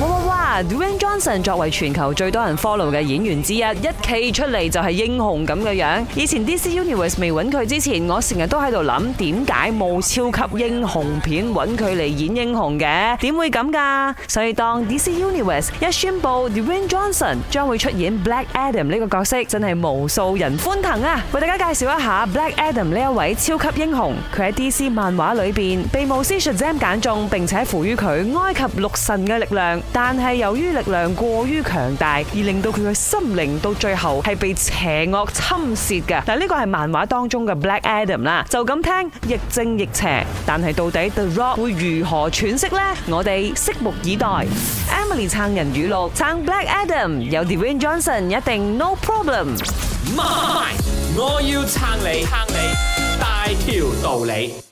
哇哇哇！Dwayne Johnson 作為全球最多人 follow 嘅演員之一，一企出嚟就係英雄咁嘅樣。以前 DC Universe 未搵佢之前，我成日都喺度諗，點解冇超級英雄片搵佢嚟演英雄嘅？點會咁噶？所以當 DC Universe 一宣佈 Dwayne Johnson 將會出演 Black Adam 呢個角色，真係無數人歡騰啊！為大家介紹一下 Black Adam 呢一位超級英雄，佢喺 DC 漫畫裏邊被巫師 Shazam 揀中，並且賦予佢埃及六神嘅力量。但係由於力量過於強大，而令到佢嘅心靈到最後係被邪惡侵蝕嘅。但係呢個係漫畫當中嘅 Black Adam 啦，就咁聽，亦正亦邪。但係到底 The Rock 會如何喘息呢？我哋拭目以待。Emily 撐人語錄，撐 Black Adam，有 Dwayne Johnson 一定 no problem。媽，我要撐你，撐你大條道理。